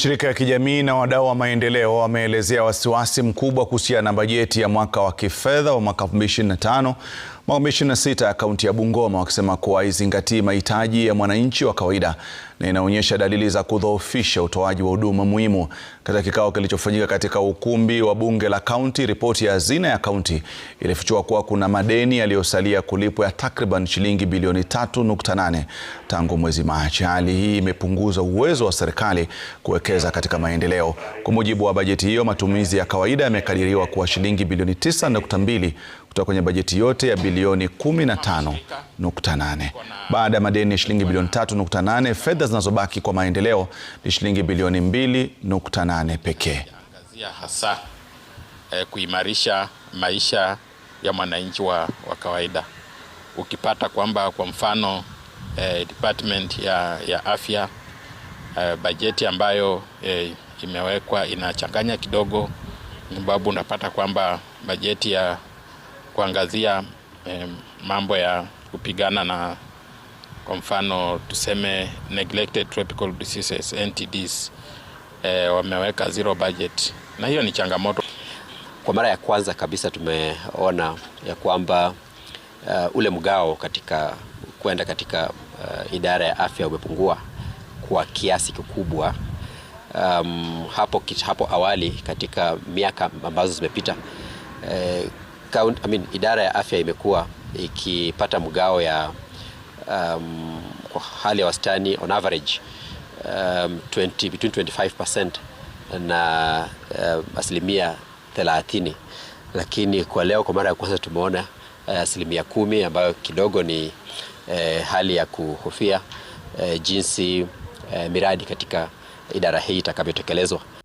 Mashirika ya kijamii na wadau wa maendeleo wameelezea wasiwasi mkubwa kuhusiana na bajeti ya mwaka wa kifedha wa mwaka 2025 Magombe 26 ya kaunti ya Bungoma wakisema kuwa haizingatii mahitaji ya mwananchi wa kawaida na inaonyesha dalili za kudhoofisha utoaji wa huduma muhimu. Katika kikao kilichofanyika katika ukumbi wa bunge la kaunti, ripoti ya hazina ya kaunti ilifichua kuwa kuna madeni yaliyosalia kulipwa ya takriban shilingi bilioni 3.8 tangu mwezi Machi. Hali hii imepunguza uwezo wa serikali kuwekeza katika maendeleo. Kwa mujibu wa bajeti hiyo, matumizi ya kawaida yamekadiriwa kuwa shilingi bilioni 9.2 kutoka kwenye bajeti yote ya bilioni 15.8. Baada ya madeni ya shilingi bilioni 3.8, fedha zinazobaki kwa maendeleo ni shilingi bilioni 2.8 pekee. Hasa eh, kuimarisha maisha ya mwananchi wa, wa kawaida ukipata kwamba kwa mfano eh, department ya, ya afya eh, bajeti ambayo eh, imewekwa inachanganya kidogo, sababu unapata kwamba bajeti ya kuangazia eh, mambo ya kupigana na kwa mfano tuseme neglected tropical diseases NTDs, eh, wameweka zero budget, na hiyo ni changamoto. Kwa mara ya kwanza kabisa tumeona ya kwamba uh, ule mgao katika kwenda katika uh, idara ya afya umepungua kwa kiasi kikubwa. Um, hapo, hapo awali katika miaka ambazo zimepita eh, I mean, idara ya afya imekuwa ikipata mgao ya um, kwa hali ya wastani on average um, 20, between 25% na um, asilimia 30, lakini kwa leo kwa mara ya kwanza tumeona uh, asilimia kumi ambayo kidogo ni uh, hali ya kuhofia uh, jinsi uh, miradi katika idara hii itakavyotekelezwa.